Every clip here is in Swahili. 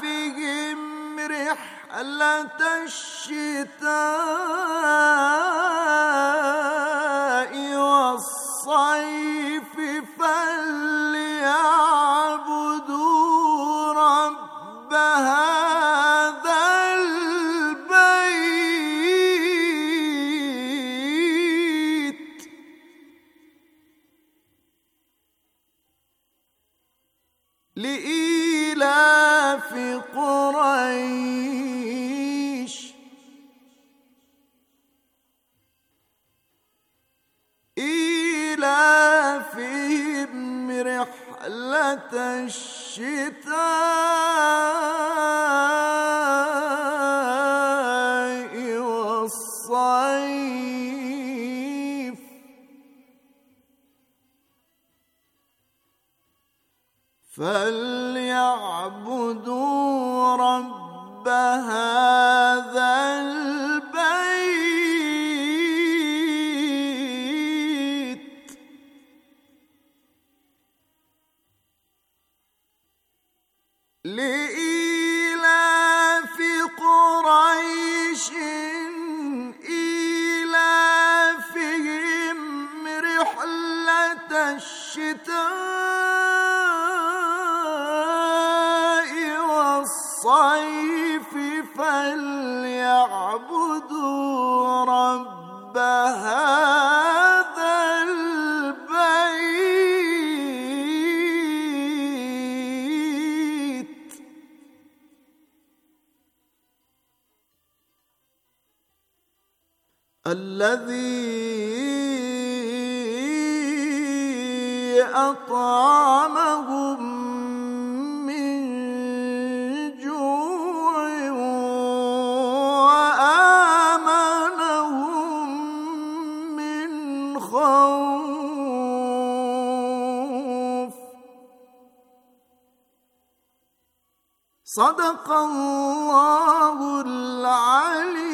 فيهم رحلة الشتاء الذي اطعمهم من جوع وامنهم من خوف صدق الله العلي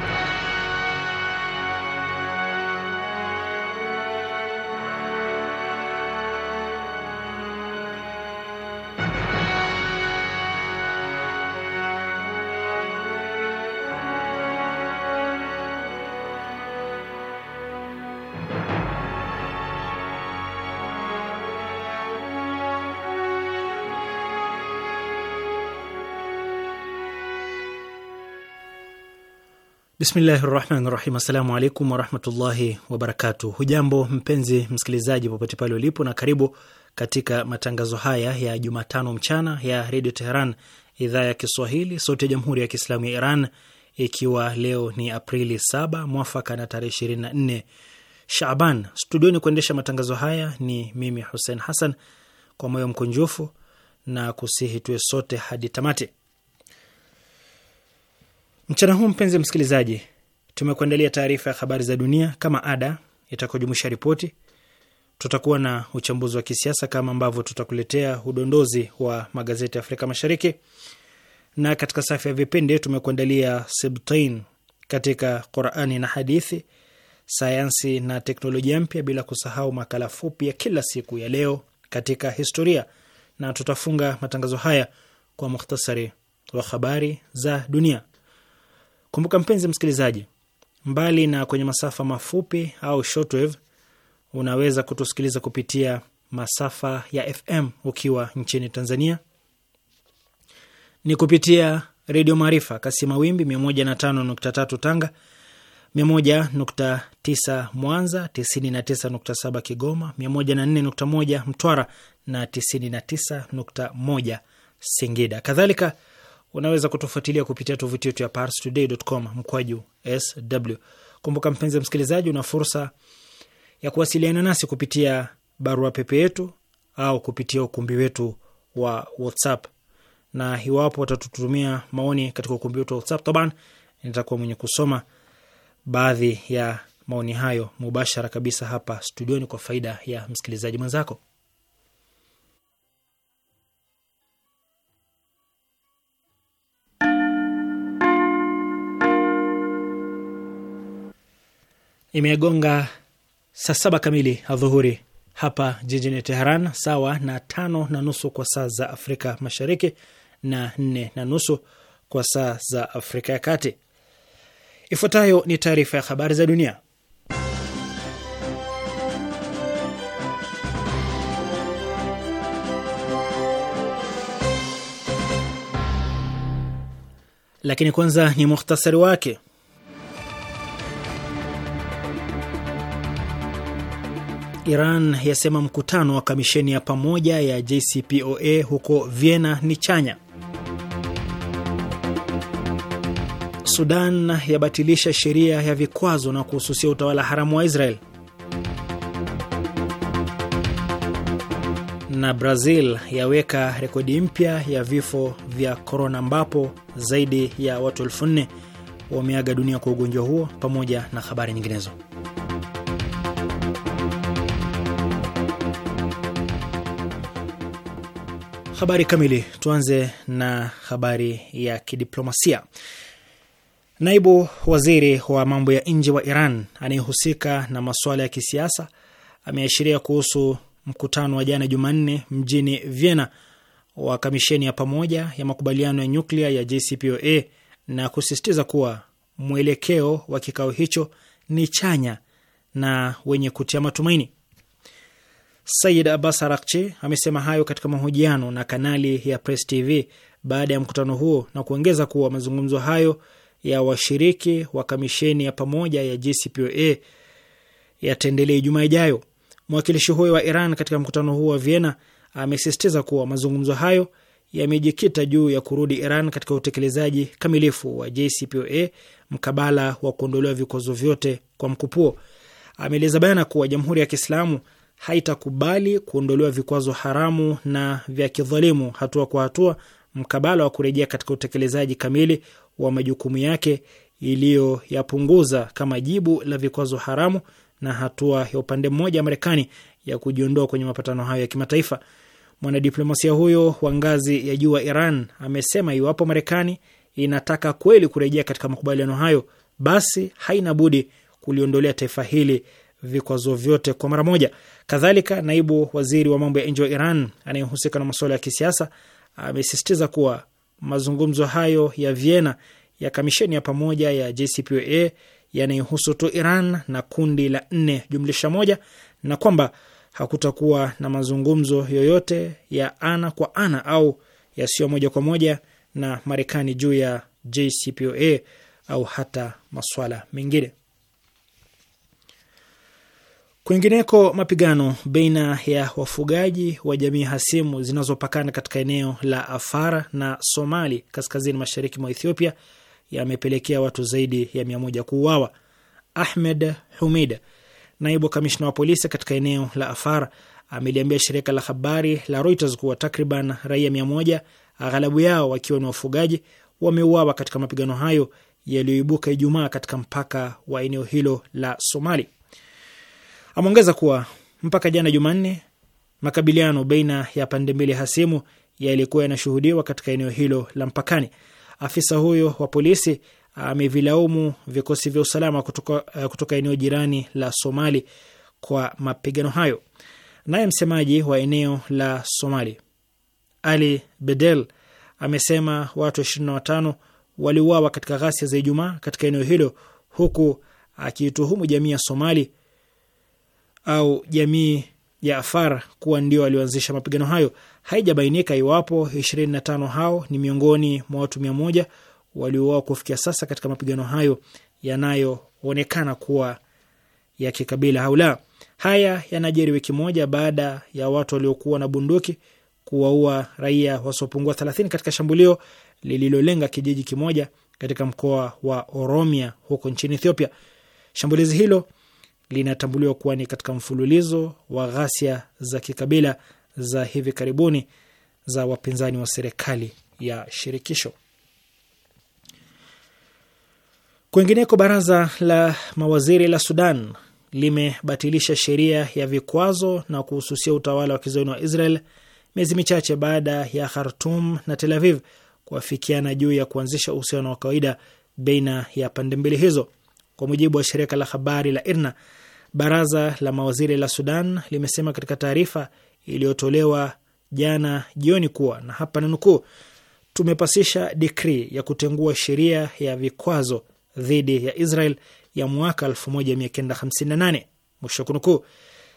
Bismillahi rahmani rahim. Assalamu alaikum warahmatullahi wabarakatu. Hujambo mpenzi msikilizaji, popote pale ulipo, na karibu katika matangazo haya ya Jumatano mchana ya redio Teheran, idhaa ya Kiswahili, sauti ya jamhuri ya kiislamu ya Iran, ikiwa leo ni Aprili 7 mwafaka na tarehe 24 Shaban. Studioni kuendesha matangazo haya ni mimi Hussein Hassan, kwa moyo mkunjufu na kusihi tuwe sote hadi tamati Mchana huu mpenzi msikilizaji, tumekuandalia taarifa ya habari za dunia kama ada itakojumuisha ripoti. Tutakuwa na uchambuzi wa kisiasa kama ambavyo tutakuletea udondozi wa magazeti ya Afrika Mashariki, na katika safu ya vipindi tumekuandalia Sibtain katika Qurani na hadithi, sayansi na teknolojia mpya, bila kusahau makala fupi ya kila siku ya leo katika historia, na tutafunga matangazo haya kwa mukhtasari wa habari za dunia. Kumbuka mpenzi msikilizaji, mbali na kwenye masafa mafupi au shortwave, unaweza kutusikiliza kupitia masafa ya FM ukiwa nchini Tanzania ni kupitia Redio Maarifa kasi mawimbi 105.3 Tanga, 101.9 Mwanza, 99.7 Kigoma, 104.1 Mtwara na 99.1 Singida. Kadhalika Unaweza kutufuatilia kupitia tovuti yetu ya parstoday.com mkwaju sw. Kumbuka mpenzi msikilizaji, una fursa ya kuwasiliana nasi kupitia barua pepe yetu au kupitia ukumbi wetu wa WhatsApp, na iwapo watatutumia maoni katika ukumbi wetu wa WhatsApp taban, nitakuwa mwenye kusoma baadhi ya maoni hayo mubashara kabisa hapa studioni kwa faida ya msikilizaji mwenzako. imegonga saa saba kamili adhuhuri hapa jijini Teheran, sawa na tano na nusu kwa saa za Afrika Mashariki na nne na nusu kwa saa za Afrika ya Kati. Ifuatayo ni taarifa ya habari za dunia, lakini kwanza ni muhtasari wake. Iran yasema mkutano wa kamisheni ya pamoja ya JCPOA huko Vienna ni chanya. Sudan yabatilisha sheria ya vikwazo na kuhususia utawala haramu wa Israel. Na Brazil yaweka rekodi mpya ya vifo vya korona, ambapo zaidi ya watu elfu nne wameaga dunia kwa ugonjwa huo, pamoja na habari nyinginezo. Habari kamili. Tuanze na habari ya kidiplomasia. Naibu waziri wa mambo ya nje wa Iran anayehusika na masuala ya kisiasa ameashiria kuhusu mkutano wa jana Jumanne mjini Vienna wa kamisheni ya pamoja ya makubaliano ya nyuklia ya JCPOA na kusisitiza kuwa mwelekeo wa kikao hicho ni chanya na wenye kutia matumaini. Sayid Abbas Arakchi amesema hayo katika mahojiano na kanali ya Press TV baada ya mkutano huo na kuongeza kuwa mazungumzo hayo ya washiriki wa kamisheni ya pamoja ya JCPOA yataendelea Ijumaa ijayo. Mwakilishi huyo wa Iran katika mkutano huo wa Vienna amesisitiza kuwa mazungumzo hayo yamejikita juu ya kurudi Iran katika utekelezaji kamilifu wa JCPOA mkabala wa kuondolewa vikwazo vyote kwa mkupuo. Ameeleza bayana kuwa Jamhuri ya Kiislamu haitakubali kuondolewa vikwazo haramu na vya kidhalimu hatua kwa hatua mkabala wa kurejea katika utekelezaji kamili wa majukumu yake iliyoyapunguza kama jibu la vikwazo haramu na hatua ya upande mmoja ya Marekani ya kujiondoa kwenye mapatano hayo ya kimataifa. Mwanadiplomasia huyo wa ngazi ya juu wa Iran amesema iwapo Marekani inataka kweli kurejea katika makubaliano hayo, basi haina budi kuliondolea taifa hili vikwazo vyote kwa mara moja. Kadhalika, naibu waziri wa mambo ya nje wa Iran anayehusika na masuala ya kisiasa amesisitiza kuwa mazungumzo hayo ya Vienna ya kamisheni ya pamoja ya JCPOA yanayohusu tu Iran na kundi la nne jumlisha moja na kwamba hakutakuwa na mazungumzo yoyote ya ana kwa ana au yasiyo moja kwa moja na Marekani juu ya JCPOA au hata maswala mengine. Kwingineko, mapigano baina ya wafugaji wa jamii hasimu zinazopakana katika eneo la Afara na Somali kaskazini mashariki mwa Ethiopia yamepelekea watu zaidi ya mia moja kuuawa. Ahmed Humida, naibu kamishna wa polisi katika eneo la Afara, ameliambia shirika la habari la Reuters kuwa takriban raia mia moja, aghalabu yao wakiwa ni wafugaji, wameuawa katika mapigano hayo yaliyoibuka Ijumaa katika mpaka wa eneo hilo la Somali. Ameongeza kuwa mpaka jana Jumanne, makabiliano baina ya pande mbili hasimu yalikuwa yanashuhudiwa katika eneo hilo la mpakani. Afisa huyo wa polisi amevilaumu vikosi vya usalama kutoka, eh, kutoka eneo jirani la Somali kwa mapigano hayo. Naye msemaji wa eneo la Somali Ali Bedel amesema watu na watano waliuawa katika ghasia za Ijumaa katika eneo hilo, huku akiituhumu jamii ya Somali au jamii ya Afar kuwa ndio walioanzisha mapigano hayo. Haijabainika iwapo 25 hao ni miongoni mwa watu mia moja waliouawa kufikia sasa katika mapigano hayo yanayoonekana kuwa ya kikabila au la. Haya yanajiri wiki moja baada ya watu waliokuwa na bunduki kuwaua raia wasiopungua 30 katika shambulio lililolenga kijiji kimoja katika mkoa wa Oromia huko nchini Ethiopia. Shambulizi hilo linatambuliwa kuwa ni katika mfululizo wa ghasia za kikabila za hivi karibuni za wapinzani wa serikali ya shirikisho. Kwingineko, baraza la mawaziri la Sudan limebatilisha sheria ya vikwazo na kuhususia utawala wa kizayuni wa Israel miezi michache baada ya Khartum na Tel Aviv kuafikiana juu ya kuanzisha uhusiano wa kawaida baina ya pande mbili hizo. Kwa mujibu wa shirika la habari la IRNA, Baraza la mawaziri la Sudan limesema katika taarifa iliyotolewa jana jioni kuwa na hapa nanukuu, tumepasisha dikri ya kutengua sheria ya vikwazo dhidi ya Israel ya mwaka 1958 mwisho kunukuu.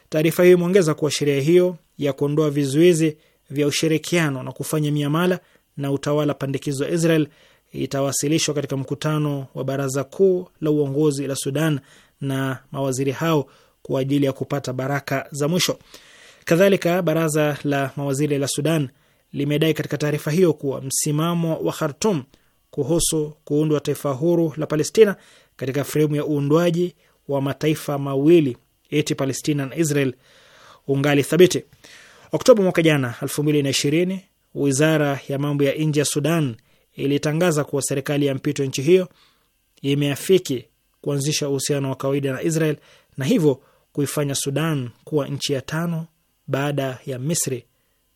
Taarifa hiyo imeongeza kuwa sheria hiyo ya kuondoa vizuizi vya ushirikiano na kufanya miamala na utawala pandikizo wa Israel itawasilishwa katika mkutano wa baraza kuu la uongozi la Sudan na mawaziri hao kwa ajili ya kupata baraka za mwisho. Kadhalika, baraza la mawaziri la Sudan limedai katika taarifa hiyo kuwa msimamo wa Khartum kuhusu kuundwa taifa huru la Palestina katika fremu ya uundwaji wa mataifa mawili eti Palestina na Israel ungali thabiti. Oktoba mwaka jana 2020, wizara ya mambo ya nje ya Sudan ilitangaza kuwa serikali ya mpito nchi hiyo imeafiki kuanzisha uhusiano wa kawaida na Israel na hivyo kuifanya Sudan kuwa nchi ya tano baada ya Misri,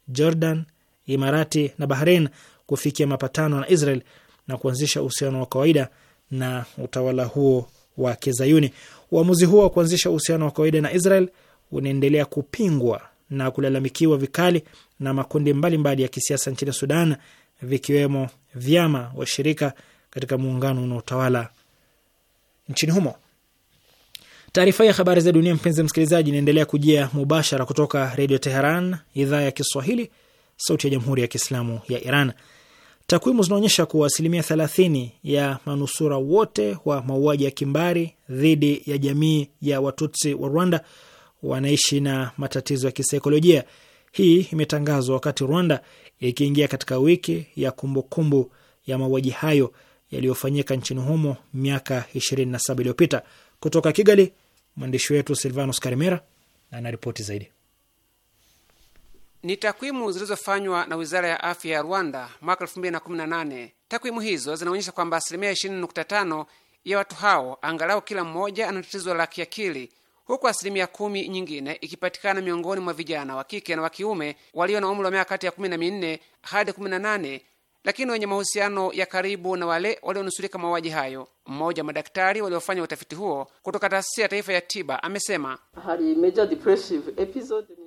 Jordan, Imarati na Bahrain kufikia mapatano na Israel na kuanzisha uhusiano wa kawaida na utawala huo wa Kizayuni. Uamuzi huo wa kuanzisha uhusiano wa kawaida na Israel unaendelea kupingwa na kulalamikiwa vikali na makundi mbalimbali mbali ya kisiasa nchini Sudan, vikiwemo vyama washirika katika muungano unaotawala nchini humo. Taarifa ya habari za dunia, mpenzi msikilizaji, inaendelea kujia mubashara kutoka Redio Teheran, idhaa ya Kiswahili, sauti ya Jamhuri ya Kiislamu ya Iran. Takwimu zinaonyesha kuwa asilimia 30 ya manusura wote wa mauaji ya kimbari dhidi ya jamii ya Watutsi wa Rwanda wanaishi na matatizo ya kisaikolojia. Hii imetangazwa wakati Rwanda ikiingia katika wiki ya kumbukumbu kumbu ya mauaji hayo yaliyofanyika nchini humo miaka 27 iliyopita. Kutoka Kigali, mwandishi wetu Silvanus Karimera anaripoti zaidi. Ni takwimu zilizofanywa na wizara ya afya ya Rwanda mwaka 2018. Takwimu hizo zinaonyesha kwamba asilimia 20.5 ya watu hao angalau kila mmoja ana tatizo la kiakili, huku asilimia kumi nyingine ikipatikana miongoni mwa vijana wa kike na wa kiume walio na umri wa miaka kati ya 14 hadi lakini wenye mahusiano ya karibu na wale walionusurika mauaji hayo. Mmoja wa madaktari waliofanya utafiti huo kutoka taasisi ya taifa ya tiba amesema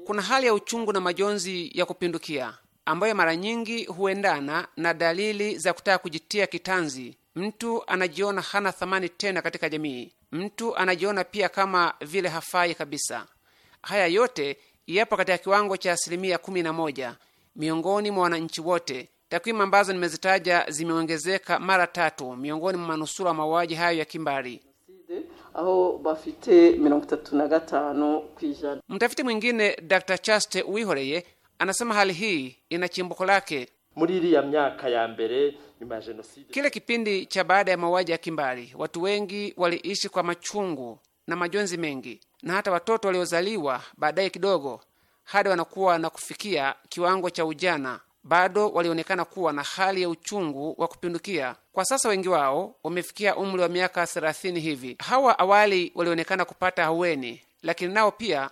kuna hali ya uchungu na majonzi ya kupindukia ambayo mara nyingi huendana na dalili za kutaka kujitia kitanzi. Mtu anajiona hana thamani tena katika jamii, mtu anajiona pia kama vile hafai kabisa. Haya yote yapo katika kiwango cha asilimia kumi na moja miongoni mwa wananchi wote Takwimu ambazo nimezitaja zimeongezeka mara tatu miongoni mwa manusura wa mauaji hayo ya kimbari. Aho bafite mirongo itatu na kwijana. Mtafiti mwingine Dr. Chaste wihoreye anasema hali hii ina chimbuko lake myaka ya mbere nyuma ya kile kipindi cha baada ya mauaji ya kimbari, watu wengi waliishi kwa machungu na majonzi mengi, na hata watoto waliozaliwa baadaye kidogo hadi wanakuwa na kufikia kiwango cha ujana bado walionekana kuwa na hali ya uchungu wa kupindukia. Kwa sasa wengi wao wamefikia umri wa miaka thelathini hivi. Hawa awali walionekana kupata haweni, lakini nao pia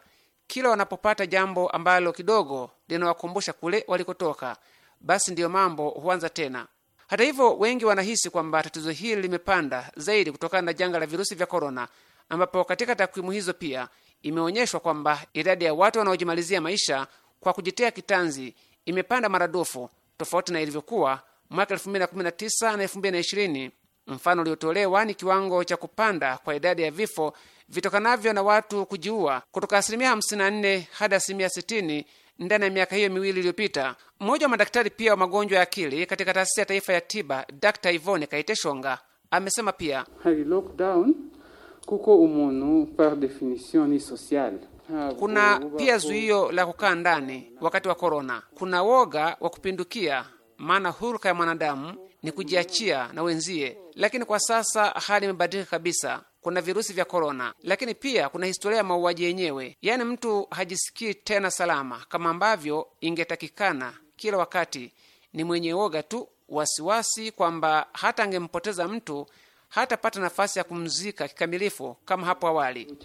kila wanapopata jambo ambalo kidogo linawakumbusha kule walikotoka, basi ndiyo mambo huanza tena. Hata hivyo, wengi wanahisi kwamba tatizo hili limepanda zaidi kutokana na janga la virusi vya korona, ambapo katika takwimu hizo pia imeonyeshwa kwamba idadi ya watu wanaojimalizia maisha kwa kujitea kitanzi imepanda maradufu tofauti na ilivyokuwa mwaka 2019 na 2020. Mfano uliotolewa ni kiwango cha kupanda kwa idadi ya vifo vitokanavyo na watu kujiua kutoka asilimia 54 hadi asilimia 60 ndani ya miaka hiyo miwili iliyopita. Mmoja wa madaktari pia wa magonjwa ya akili katika taasisi ya taifa ya tiba, Dr Ivone Kaiteshonga amesema pia kuko umuntu par definition ni kuna pia zuio la kukaa ndani wakati wa korona. Kuna woga wa kupindukia, maana huruka ya mwanadamu ni kujiachia na wenzie, lakini kwa sasa hali imebadilika kabisa. Kuna virusi vya korona, lakini pia kuna historia ya mauaji yenyewe, yaani mtu hajisikii tena salama kama ambavyo ingetakikana. Kila wakati ni mwenye woga tu, wasiwasi kwamba hata angempoteza mtu hatapata nafasi ya kumzika kikamilifu kama hapo awali.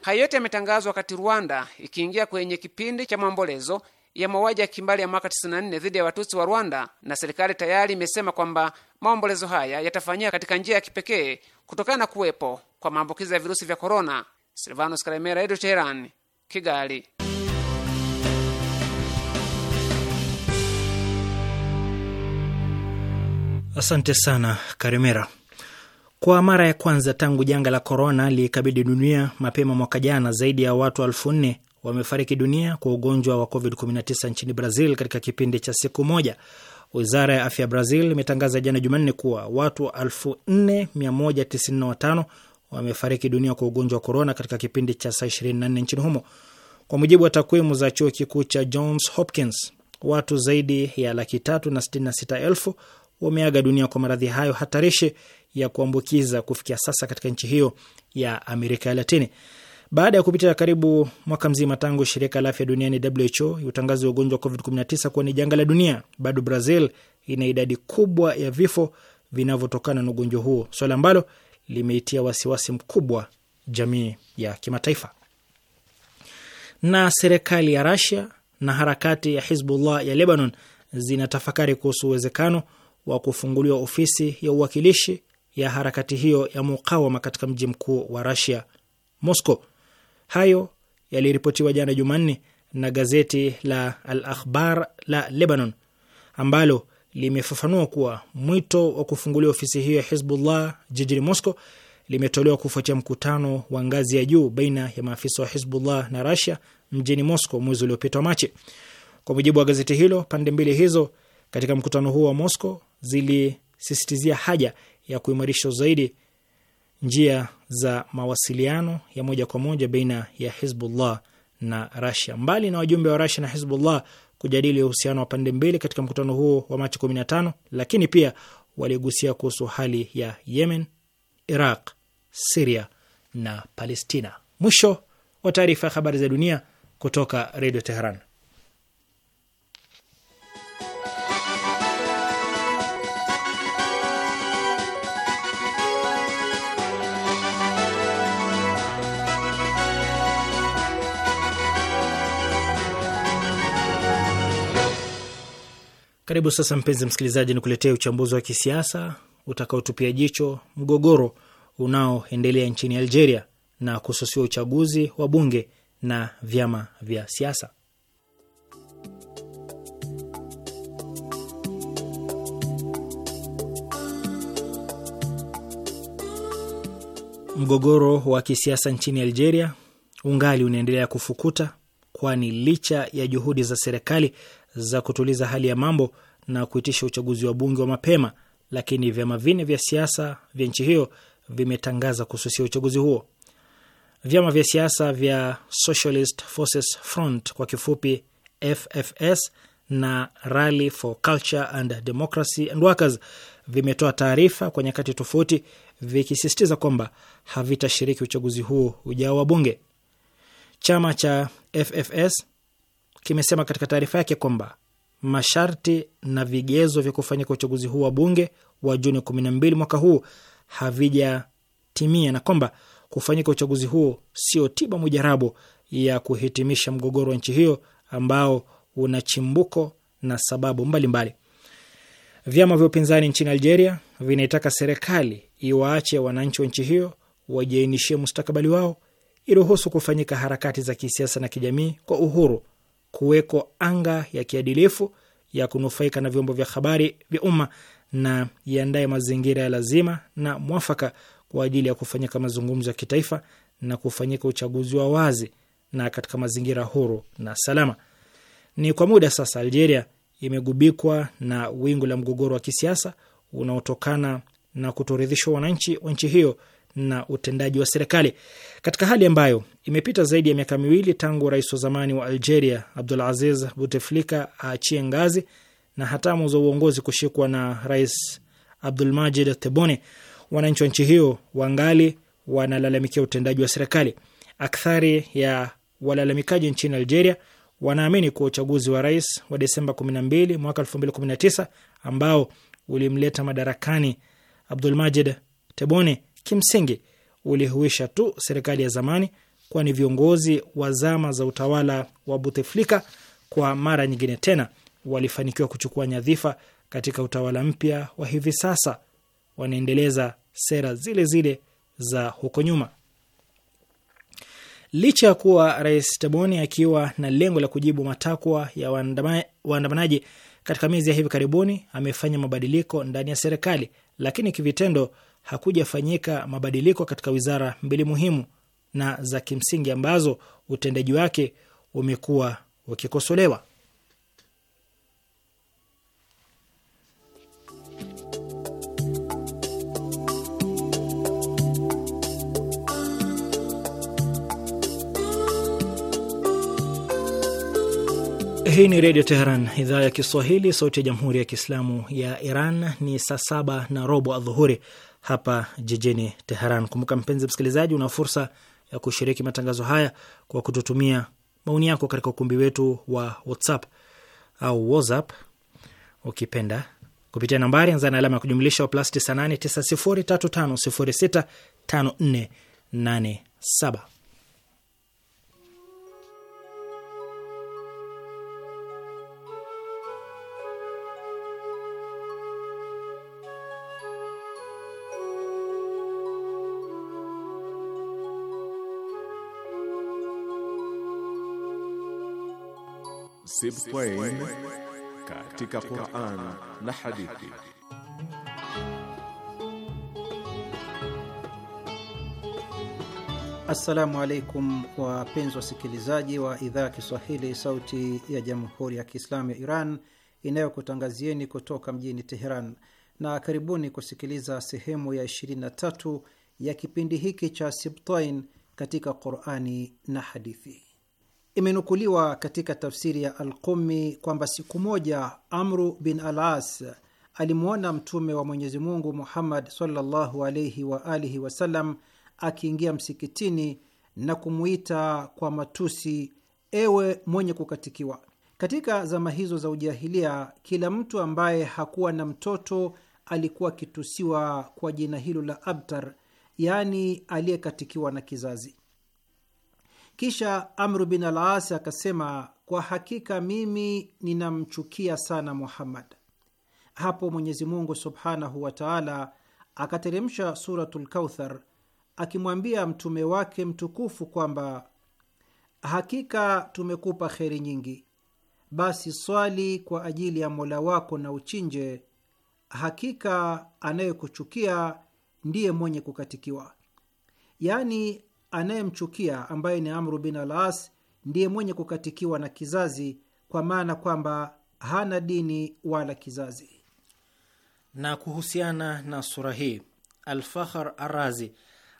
Hayo yote yametangazwa wakati Rwanda ikiingia kwenye kipindi cha maombolezo ya mauaji ya kimbali ya mwaka 94 dhidi ya Watutsi wa Rwanda, na serikali tayari imesema kwamba maombolezo haya yatafanyika katika njia ya kipekee kutokana na kuwepo kwa maambukizi ya virusi vya korona. Silvanos Karemera, Edo Teheran, Kigali. Asante sana Karimera. Kwa mara ya kwanza tangu janga la korona likabidi dunia mapema mwaka jana, zaidi ya watu elfu nne wamefariki dunia kwa ugonjwa wa COVID-19 nchini Brazil katika kipindi cha siku moja. Wizara ya afya ya Brazil imetangaza jana Jumanne kuwa watu 4195 wamefariki dunia kwa ugonjwa wa korona katika kipindi cha saa 24 nchini humo. Kwa mujibu wa takwimu za chuo kikuu cha Johns Hopkins, watu zaidi ya laki tatu na sitini na sita elfu wameaga dunia kwa maradhi hayo hatarishi ya kuambukiza kufikia sasa katika nchi hiyo ya Amerika ya Latini. Baada ya kupita karibu mwaka mzima tangu shirika la afya duniani WHO utangazi wa ugonjwa wa COVID-19 kuwa ni janga la dunia, bado Brazil ina idadi kubwa ya vifo vinavyotokana na ugonjwa huo, swala ambalo limeitia wasiwasi mkubwa jamii ya kimataifa. Na serikali ya Rasia na harakati ya Hizbullah ya Lebanon zinatafakari kuhusu uwezekano wa kufunguliwa ofisi ya uwakilishi ya harakati hiyo ya mukawama katika mji mkuu wa Rasia, Moscow. Hayo yaliripotiwa jana Jumanne na gazeti la Al Akhbar la Lebanon ambalo limefafanua kuwa mwito wa kufunguliwa ofisi hiyo ya Hizbullah jijini Moscow limetolewa kufuatia mkutano wa ngazi ya juu baina ya maafisa wa Hizbullah na Rasia mjini Moscow mwezi uliopita wa Machi. Kwa mujibu wa gazeti hilo, pande mbili hizo katika mkutano huo wa Moscow zilisisitizia haja ya kuimarisha zaidi njia za mawasiliano ya moja kwa moja baina ya Hizbullah na Rasia. Mbali na wajumbe wa Rasia na Hizbullah kujadili uhusiano wa pande mbili katika mkutano huo wa Machi 15, lakini pia waligusia kuhusu hali ya Yemen, Iraq, Siria na Palestina. Mwisho wa taarifa ya habari za dunia kutoka Redio Teheran. Karibu sasa, mpenzi msikilizaji, ni kuletea uchambuzi wa kisiasa utakaotupia jicho mgogoro unaoendelea nchini Algeria na kususiwa uchaguzi wa bunge na vyama vya siasa. Mgogoro wa kisiasa nchini Algeria ungali unaendelea kufukuta, kwani licha ya juhudi za serikali za kutuliza hali ya mambo na kuitisha uchaguzi wa bunge wa mapema, lakini vyama vinne vya siasa vya nchi hiyo vimetangaza kususia uchaguzi huo. Vyama vya siasa vya Socialist Forces Front kwa kifupi FFS na Rally for Culture and Democracy and Workers vimetoa taarifa kwa nyakati tofauti vikisisitiza kwamba havitashiriki uchaguzi huo ujao wa bunge. Chama cha FFS kimesema katika taarifa yake kwamba masharti na vigezo vya kufanyika uchaguzi huu wa bunge wa Juni 12 mwaka huu havijatimia na kwamba kufanyika uchaguzi huo sio tiba mujarabu ya kuhitimisha mgogoro wa nchi hiyo ambao una chimbuko na sababu mbalimbali mbali. Vyama vya upinzani nchini Algeria vinaitaka serikali iwaache wananchi wa nchi hiyo wajiainishie mustakabali wao, iruhusu kufanyika harakati za kisiasa na kijamii kwa uhuru kuweko anga ya kiadilifu ya kunufaika na vyombo vya habari vya umma na iandaye mazingira ya lazima na mwafaka kwa ajili ya kufanyika mazungumzo ya kitaifa na kufanyika uchaguzi wa wazi na katika mazingira huru na salama. Ni kwa muda sasa Algeria imegubikwa na wingu la mgogoro wa kisiasa unaotokana na kutoridhishwa wananchi wa nchi hiyo na utendaji wa serikali katika hali ambayo imepita zaidi ya miaka miwili tangu rais wa zamani wa Algeria abdul aziz Buteflika aachie ngazi na hatamu za uongozi kushikwa na rais Majid Tebboune, wananchi wa nchi hiyo wangali wanalalamikia utendaji wa serikali. Akthari ya walalamikaji nchini Algeria wanaamini kuwa uchaguzi wa rais wa Desemba 12 mwaka 2019 ambao ulimleta madarakani Majid Tebboune kimsingi ulihuisha tu serikali ya zamani, kwani viongozi wa zama za utawala wa Buteflika kwa mara nyingine tena walifanikiwa kuchukua nyadhifa katika utawala mpya wa hivi sasa, wanaendeleza sera zile zile za huko nyuma. Licha ya kuwa Rais Teboni akiwa na lengo la kujibu matakwa ya waandamanaji katika miezi ya hivi karibuni amefanya mabadiliko ndani ya serikali, lakini kivitendo hakujafanyika mabadiliko katika wizara mbili muhimu na za kimsingi ambazo utendaji wake umekuwa ukikosolewa. Hii ni Redio Teheran, idhaa ya Kiswahili, sauti ya Jamhuri ya Kiislamu ya Iran. Ni saa saba na robo adhuhuri hapa jijini Teheran. Kumbuka mpenzi msikilizaji, una fursa ya kushiriki matangazo haya kwa kututumia maoni yako katika ukumbi wetu wa WhatsApp au WhatsApp ukipenda kupitia nambari anza na alama ya kujumlisha plus 98 903 506 5487. Sib katika Qur'an na hadithi. Assalamu alaikum wapenzi wasikilizaji wa idhaa ya Kiswahili sauti ya Jamhuri ya Kiislamu ya Iran inayokutangazieni kutoka mjini Teheran na karibuni kusikiliza sehemu ya 23 ya kipindi hiki cha Sibtain katika Qur'ani na hadithi. Imenukuliwa katika tafsiri ya Alqumi kwamba siku moja Amru bin Alas alimwona Mtume wa Mwenyezi Mungu Muhammad sallallahu alaihi wa alihi wasallam akiingia msikitini na kumwita kwa matusi, ewe mwenye kukatikiwa. Katika zama hizo za ujahilia, kila mtu ambaye hakuwa na mtoto alikuwa akitusiwa kwa jina hilo la abtar, yaani aliyekatikiwa na kizazi. Kisha Amru bin al-As akasema, kwa hakika mimi ninamchukia sana Muhammad. Hapo Mwenyezi Mungu subhanahu wa taala akateremsha Suratul Kauthar akimwambia mtume wake mtukufu kwamba hakika tumekupa kheri nyingi, basi swali kwa ajili ya mola wako na uchinje, hakika anayekuchukia ndiye mwenye kukatikiwa. Yaani, anayemchukia ambaye ni Amru bin al-As ndiye mwenye kukatikiwa na kizazi, kwa maana kwamba hana dini wala kizazi. Na kuhusiana na sura hii, Alfahar Arazi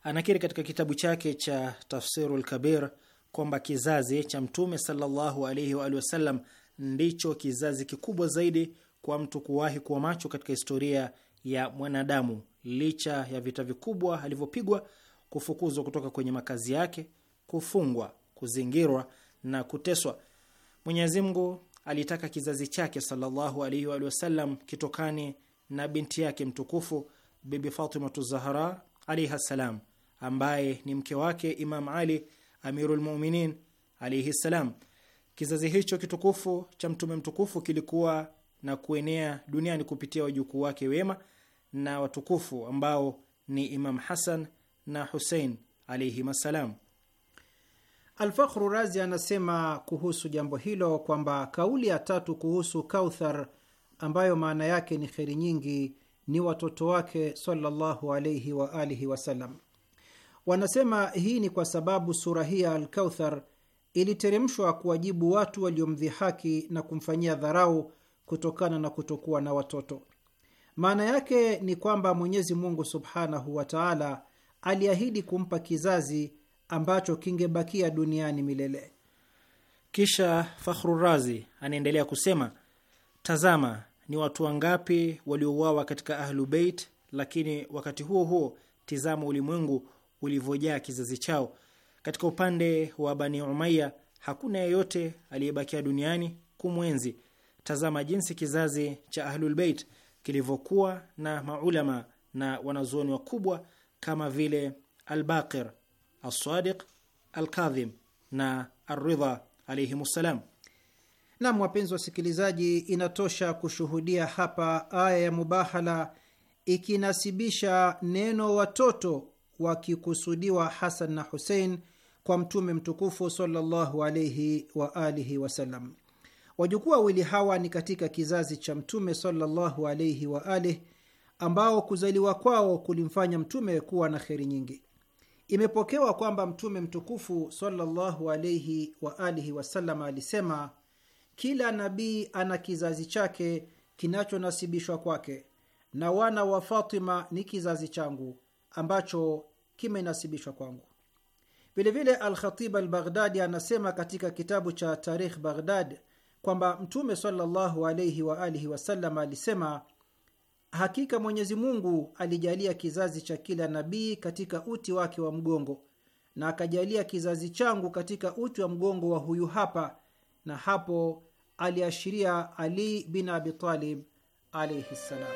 anakiri katika kitabu chake cha Tafsiru lkabir kwamba kizazi cha Mtume sallallahu alaihi wasallam ndicho kizazi kikubwa zaidi kwa mtu kuwahi kuwa macho katika historia ya mwanadamu, licha ya vita vikubwa alivyopigwa kufukuzwa kutoka kwenye makazi yake, kufungwa, kuzingirwa na kuteswa. Mwenyezi Mungu alitaka kizazi chake sallallahu alaihi wa sallam kitokane na binti yake mtukufu Bibi Fatimatu Zahra alaihi ssalam, ambaye ni mke wake Imam Ali Amirul alaihi ssalam. Kizazi hicho kitukufu cha mtume mtukufu kilikuwa na kuenea duniani kupitia wajukuu wake wema na watukufu ambao ni Imam Hasan na Husein alaihim assalam. Alfakhru Razi anasema kuhusu jambo hilo kwamba kauli ya tatu kuhusu Kauthar, ambayo maana yake ni kheri nyingi, ni watoto wake sallallahu alaihi wa alihi wasallam. Wanasema hii ni kwa sababu sura hii ya Alkauthar iliteremshwa kuwajibu watu waliomdhihaki na kumfanyia dharau kutokana na kutokuwa na watoto. Maana yake ni kwamba Mwenyezi Mungu subhanahu wa taala aliahidi kumpa kizazi ambacho kingebakia duniani milele. Kisha Fakhrurazi anaendelea kusema, tazama ni watu wangapi waliouawa katika ahlubeit lakini wakati huo huo tizama ulimwengu ulivyojaa kizazi chao. Katika upande wa Bani Umaya hakuna yeyote aliyebakia duniani kumwenzi. Tazama jinsi kizazi cha Ahlulbeit kilivyokuwa na maulama na wanazuoni wakubwa kama vile Albaqir, Alsadiq, Alkadhim na Alridha alaihim ssalam. Nam, wapenzi wasikilizaji, inatosha kushuhudia hapa aya ya mubahala ikinasibisha neno watoto wakikusudiwa Hasan na Husein kwa Mtume mtukufu sallallahu alaihi wa alihi wasallam. Wajukuu wawili hawa ni katika kizazi cha Mtume sallallahu alaihi wa alihi ambao kuzaliwa kwao kulimfanya mtume kuwa na kheri nyingi. Imepokewa kwamba mtume mtukufu sallallahu alaihi wa alihi wasallam alisema, kila nabii ana kizazi chake kinachonasibishwa kwake, na wana wa Fatima ni kizazi changu ambacho kimenasibishwa kwangu. Vilevile Alkhatib Albaghdadi anasema katika kitabu cha Tarikh Baghdad kwamba mtume sallallahu alaihi wa alihi wasallam alisema Hakika Mwenyezi Mungu alijalia kizazi cha kila nabii katika uti wake wa mgongo, na akajalia kizazi changu katika uti wa mgongo wa huyu hapa. Na hapo aliashiria Ali bin Abi Talib alaihi ssalam.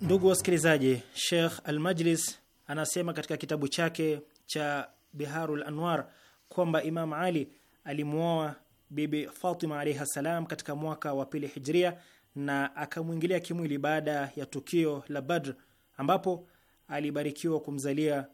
Ndugu wasikilizaji, Sheikh Almajlis anasema katika kitabu chake cha Biharul Anwar kwamba Imam Ali alimuoa Bibi Fatima alaihi salam katika mwaka wa pili hijria na akamwingilia kimwili baada ya tukio la Badr ambapo alibarikiwa kumzalia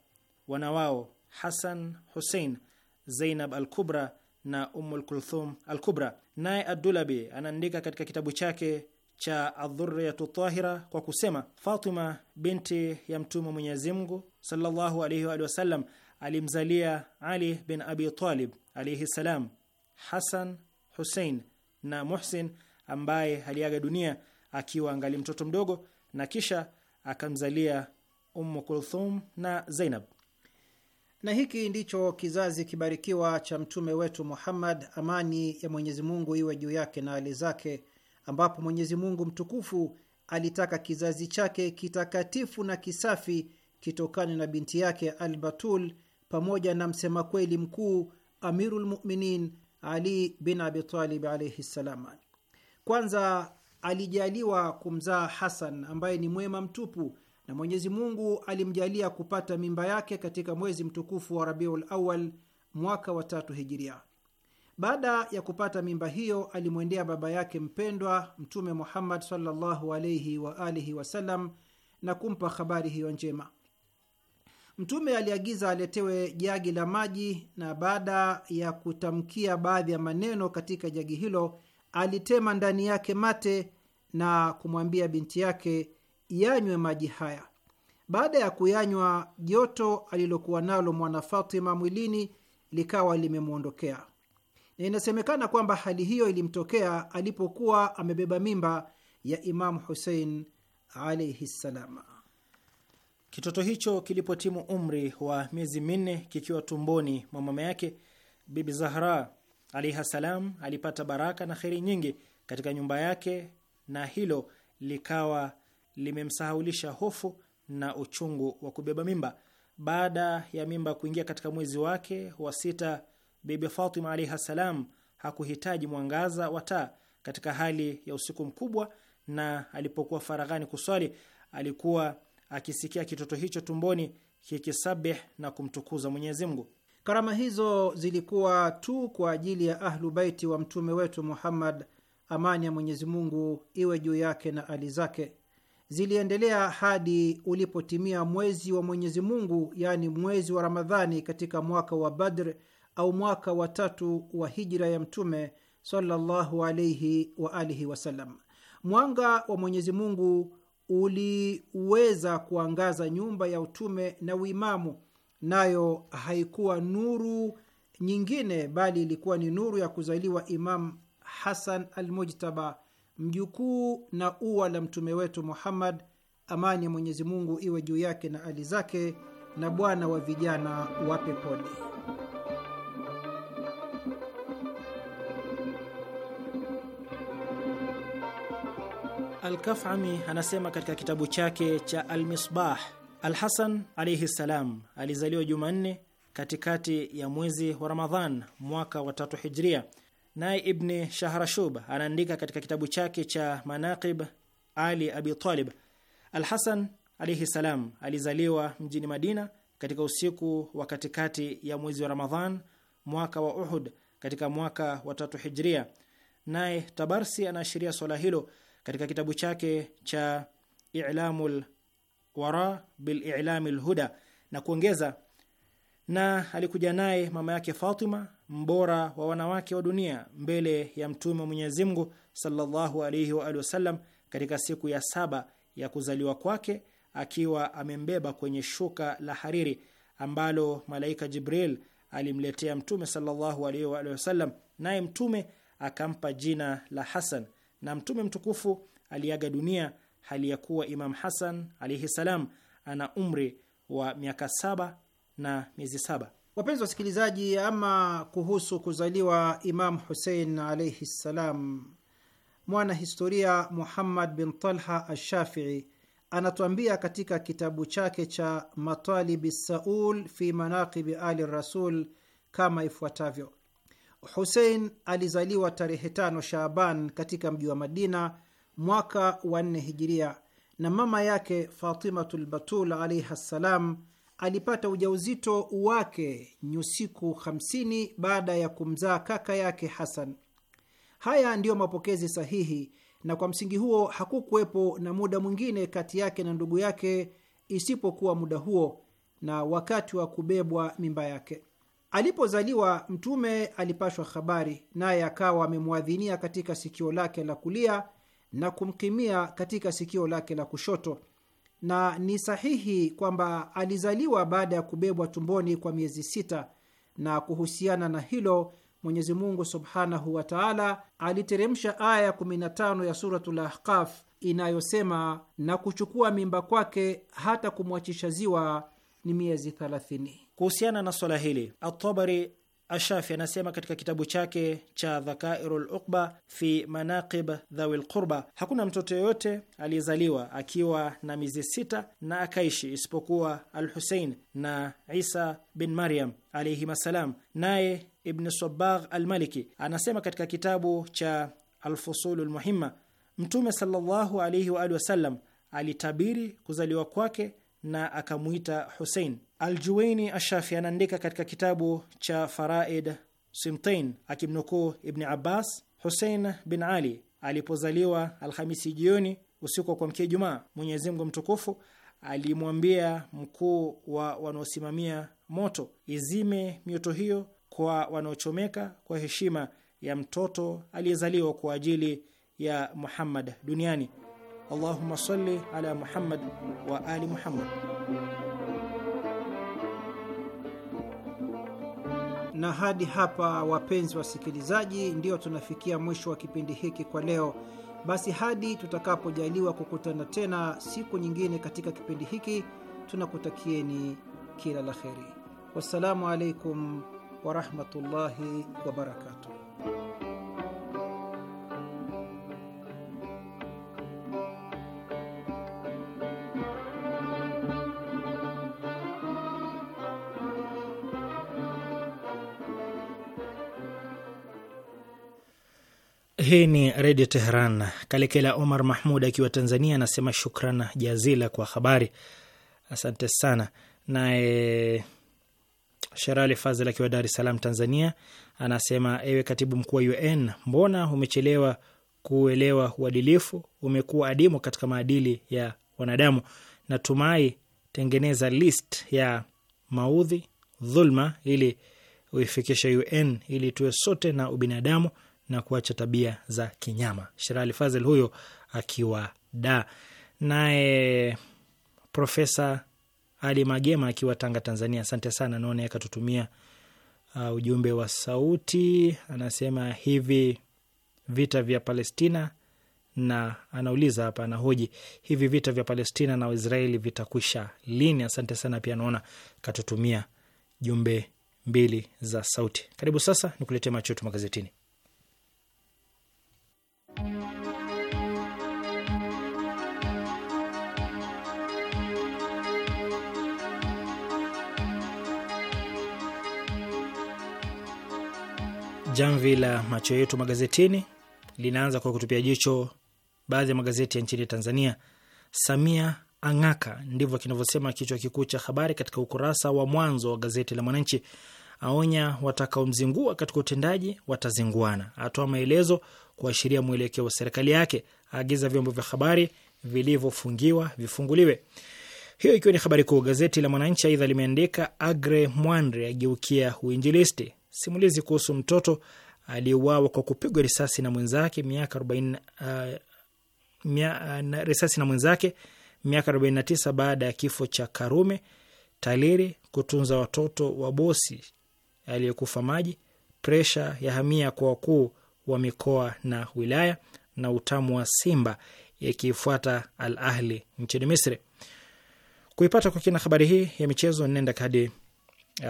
wana wao Hasan, Husein, Zainab al Kubra na Ummul Kulthum al Kubra. Naye Adulabi anaandika katika kitabu chake cha adhuriyatu Tahira kwa kusema Fatima binti ya Mtume Mwenyezi Mungu sallallahu alaihi wa wasallam alimzalia Ali bin Abi Talib alaihi salam, Hasan, Husein na Muhsin ambaye aliaga dunia akiwa angali mtoto mdogo, na kisha akamzalia Ummu Kulthum na Zainab. Na hiki ndicho kizazi kibarikiwa cha mtume wetu Muhammad, amani ya Mwenyezi Mungu iwe juu yake na hali zake, ambapo Mwenyezi Mungu mtukufu alitaka kizazi chake kitakatifu na kisafi kitokane na binti yake Albatul pamoja na msema kweli mkuu amirulmuminin Ali bin Abitalib alaihi ssalam. Kwanza alijaliwa kumzaa Hasan ambaye ni mwema mtupu, na Mwenyezi Mungu alimjalia kupata mimba yake katika mwezi mtukufu wa Rabiul Awal mwaka wa tatu Hijiria. Baada ya kupata mimba hiyo alimwendea baba yake mpendwa Mtume Muhammad sallallahu alaihi waalihi wasalam na kumpa habari hiyo njema. Mtume aliagiza aletewe jagi la maji, na baada ya kutamkia baadhi ya maneno katika jagi hilo, alitema ndani yake mate na kumwambia binti yake yanywe maji haya. Baada ya kuyanywa, joto alilokuwa nalo mwana Fatima mwilini likawa limemwondokea, na inasemekana kwamba hali hiyo ilimtokea alipokuwa amebeba mimba ya Imamu Husein alaihi ssalama. Kitoto hicho kilipotimu umri wa miezi minne kikiwa tumboni mwa mama yake, Bibi Zahra alaihi salam alipata baraka na kheri nyingi katika nyumba yake, na hilo likawa limemsahaulisha hofu na uchungu wa kubeba mimba. Baada ya mimba kuingia katika mwezi wake wa sita, Bibi Fatima alaihi salam hakuhitaji mwangaza wa taa katika hali ya usiku mkubwa, na alipokuwa faraghani kuswali alikuwa akisikia kitoto hicho tumboni kikisabih na kumtukuza Mwenyezi Mungu. Karama hizo zilikuwa tu kwa ajili ya Ahlu Baiti wa mtume wetu Muhammad, amani ya Mwenyezi Mungu iwe juu yake na ali zake. Ziliendelea hadi ulipotimia mwezi wa Mwenyezi Mungu, yaani mwezi wa Ramadhani katika mwaka wa Badr au mwaka wa tatu wa hijra ya mtume sallallahu alaihi wa alihi wasallam. Mwanga wa Mwenyezi Mungu uliweza kuangaza nyumba ya utume na uimamu, nayo haikuwa nuru nyingine bali ilikuwa ni nuru ya kuzaliwa Imam Hasan Almujtaba, mjukuu na ua la mtume wetu Muhammad, amani ya Mwenyezi Mungu iwe juu yake na ali zake, na bwana wa vijana wa peponi. Alkafami anasema katika kitabu chake cha Almisbah, Alhasan alaihi ssalam alizaliwa Jumanne katikati ya mwezi wa Ramadhan mwaka wa tatu Hijria. Naye Ibni Shahrashub anaandika katika kitabu chake cha Manaqib Ali Abi Talib, Alhasan alaihi ssalam alizaliwa mjini Madina katika usiku wa katikati ya mwezi wa Ramadhan mwaka wa Uhud katika mwaka wa tatu Hijria. Naye Tabarsi anaashiria swala hilo katika kitabu chake cha I'lamul Wara bil I'lamil Huda na kuongeza, na alikuja naye mama yake Fatima, mbora wa wanawake wa dunia, mbele ya mtume wa Mwenyezi Mungu sallallahu alayhi wa alihi wasallam katika siku ya saba ya kuzaliwa kwake, akiwa amembeba kwenye shuka la hariri ambalo malaika Jibril alimletea mtume sallallahu alayhi wa alihi wasallam, naye mtume akampa jina la Hasan na Mtume mtukufu aliaga dunia hali ya kuwa Imam Hasan alaihi salam ana umri wa miaka saba na miezi saba. Wapenzi wasikilizaji, ama kuhusu kuzaliwa Imam Husein alaihi ssalam, mwana historia Muhammad bin Talha Ashafii anatuambia katika kitabu chake cha Matalibi Saul fi manakibi Ali Rasul kama ifuatavyo: Husein alizaliwa tarehe tano Shaaban katika mji wa Madina mwaka wa nne hijiria, na mama yake Fatimatu lbatul alaihi ssalam alipata ujauzito wake nyusiku 50 baada ya kumzaa kaka yake Hasan. Haya ndiyo mapokezi sahihi, na kwa msingi huo hakukuwepo na muda mwingine kati yake na ndugu yake isipokuwa muda huo na wakati wa kubebwa mimba yake. Alipozaliwa Mtume alipashwa habari, naye akawa amemwadhinia katika sikio lake la kulia na kumkimia katika sikio lake la kushoto, na ni sahihi kwamba alizaliwa baada ya kubebwa tumboni kwa miezi sita. Na kuhusiana na hilo Mwenyezi Mungu subhanahu wa taala aliteremsha aya ya 15 ya Suratul Ahqaf inayosema, na kuchukua mimba kwake hata kumwachisha ziwa ni miezi thelathini. Kuhusiana na swala hili, Atabari Ashafi anasema katika kitabu chake cha Dhakairu Luqba fi Manaqib Dhawi Lqurba, hakuna mtoto yoyote aliyezaliwa akiwa na miezi sita na akaishi isipokuwa Al Husein na Isa bin Maryam alaihim assalam. Naye Ibn Sabagh Almaliki anasema katika kitabu cha Alfusulu lmuhima Mtume sallallahu alaihi waalihi wasallam alitabiri kuzaliwa kwake na akamwita Husein. Aljuwaini Ashafi anaandika katika kitabu cha Faraid Simtain akimnukuu Ibni Abbas, Husein bin Ali alipozaliwa Alhamisi jioni, usiku wa kuamkia Ijumaa, Mwenyezi Mungu mtukufu alimwambia mkuu wa wanaosimamia moto, izime mioto hiyo kwa wanaochomeka kwa heshima ya mtoto aliyezaliwa kwa ajili ya Muhammad duniani. Allahumma salli ala Muhammad wa ali Muhammad. na hadi hapa, wapenzi wasikilizaji, ndio tunafikia mwisho wa kipindi hiki kwa leo. Basi hadi tutakapojaliwa kukutana tena siku nyingine katika kipindi hiki, tunakutakieni kila la heri. Wassalamu alaikum warahmatullahi wabarakatuh. Hii ni Redio Teheran. Kalekela Omar Mahmud akiwa Tanzania anasema shukran jazila kwa habari, asante sana. Naye Sherali Fazel akiwa Dar es Salaam, Tanzania anasema ewe katibu mkuu wa UN, mbona umechelewa kuelewa uadilifu? Umekuwa adimu katika maadili ya wanadamu. Natumai tengeneza list ya maudhi, dhulma, ili uifikishe UN ili tuwe sote na ubinadamu na kuacha tabia za kinyama. Sherali Fazel huyo akiwa da. Naye Profesa Ali Magema akiwa Tanga, Tanzania, asante sana. Naona akatutumia uh, ujumbe wa sauti, anasema hivi vita vya Palestina na anauliza hapa, anahoji hivi vita vya Palestina na Israeli vitakwisha lini? Asante sana pia, naona katutumia jumbe mbili za sauti. Karibu sasa nikuletee macho yetu magazetini. Jamvi la macho yetu magazetini linaanza kwa kutupia jicho baadhi ya magazeti ya nchini Tanzania. Samia ang'aka, ndivyo kinavyosema kichwa kikuu cha habari katika ukurasa wa mwanzo wa gazeti la Mwananchi aonya watakaomzingua katika utendaji watazinguana, atoa maelezo kuashiria mwelekeo wa serikali yake, aagiza vyombo vya habari vilivyofungiwa vifunguliwe. Hiyo ikiwa ni habari kuu. Gazeti la Mwananchi aidha limeandika Agre Mwandre ageukia uinjilisti, simulizi kuhusu mtoto aliyeuawa kwa kupigwa risasi na mwenzake miaka 40, uh, mia, uh, risasi na mwenzake miaka 49 baada ya kifo cha Karume Taliri kutunza watoto wa bosi aliyekufa maji, presha ya hamia kwa wakuu wa mikoa na wilaya, na utamu wa Simba yakiifuata Al Ahli nchini Misri. Kuipata kwa kina habari hii ya michezo, nenda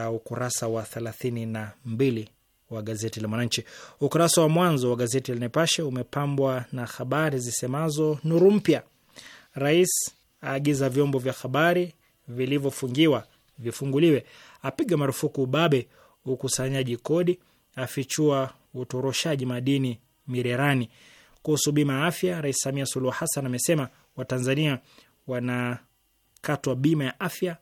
uh, ukurasa wa thelathini na mbili wa gazeti la Mwananchi. Ukurasa wa mwanzo wa gazeti la Nipashe umepambwa na habari zisemazo nuru mpya, rais aagiza vyombo vya habari vilivyofungiwa vifunguliwe, apiga marufuku ubabe ukusanyaji kodi, afichua utoroshaji madini Mirerani. Kuhusu bima ya afya, Rais Samia Suluhu Hassan amesema Watanzania wanakatwa bima ya afya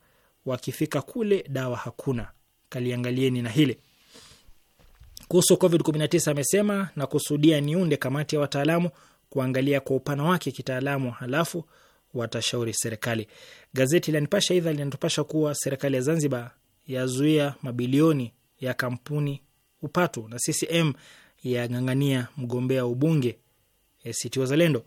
wakifika kule dawa hakuna. Kaliangalieni na hili. Kuhusu COVID-19 amesema na kusudia niunde kamati ya wataalamu kuangalia kwa upana wake kitaalamu, halafu watashauri serikali. Gazeti la Nipasha aidha linatupasha kuwa serikali ya Zanzibar yazuia mabilioni ya kampuni Upatu na CCM yang'ang'ania mgombea ubunge eh, ACT Wazalendo.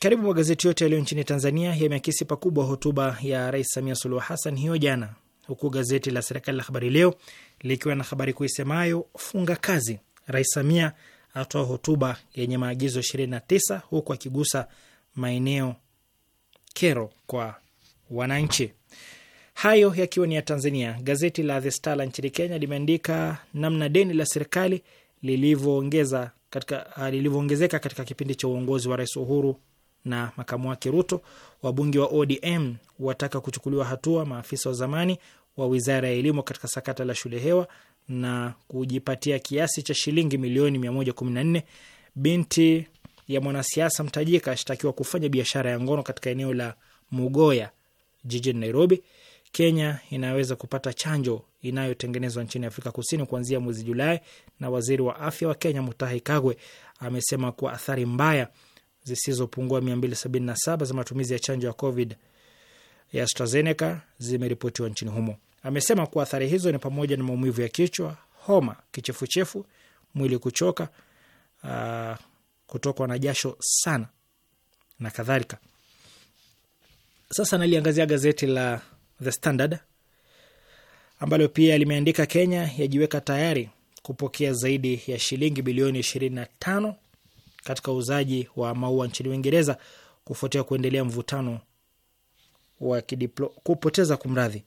Karibu magazeti yote yaliyo nchini Tanzania yameakisi pakubwa hotuba ya Rais Samia Suluhu Hassan hiyo jana, huku gazeti la serikali la Habari Leo likiwa na habari kuu isemayo funga kazi, Rais Samia atoa hotuba yenye maagizo 29 huku akigusa maeneo kero kwa wananchi. Hayo yakiwa ni ya Tanzania. Gazeti la The Star la nchini Kenya limeandika namna deni la serikali lilivyoongeza katika ah, lilivyoongezeka katika kipindi cha uongozi wa Rais Uhuru na makamu wake Ruto. Wabunge wa ODM wataka kuchukuliwa hatua maafisa wa zamani wa wizara ya elimu katika sakata la shule hewa na kujipatia kiasi cha shilingi milioni 114. Binti ya mwanasiasa mtajika ashtakiwa kufanya biashara ya ngono katika eneo la Mugoya jijini Nairobi. Kenya inaweza kupata chanjo inayotengenezwa nchini Afrika Kusini kuanzia mwezi Julai, na waziri wa afya wa Kenya Mutahi Kagwe amesema kuwa athari mbaya zisizopungua 277 za matumizi ya chanjo ya COVID ya AstraZeneca zimeripotiwa nchini humo. Amesema kuwa athari hizo ni pamoja na maumivu ya kichwa, homa, kichefuchefu, mwili kuchoka, uh, kutokwa na jasho sana na kadhalika. Sasa naliangazia gazeti la The Standard ambalo pia limeandika Kenya yajiweka tayari kupokea zaidi ya shilingi bilioni 25 katika uuzaji wa maua nchini Uingereza kufuatia kuendelea mvutano wa kidiplo, kupoteza kumradhi.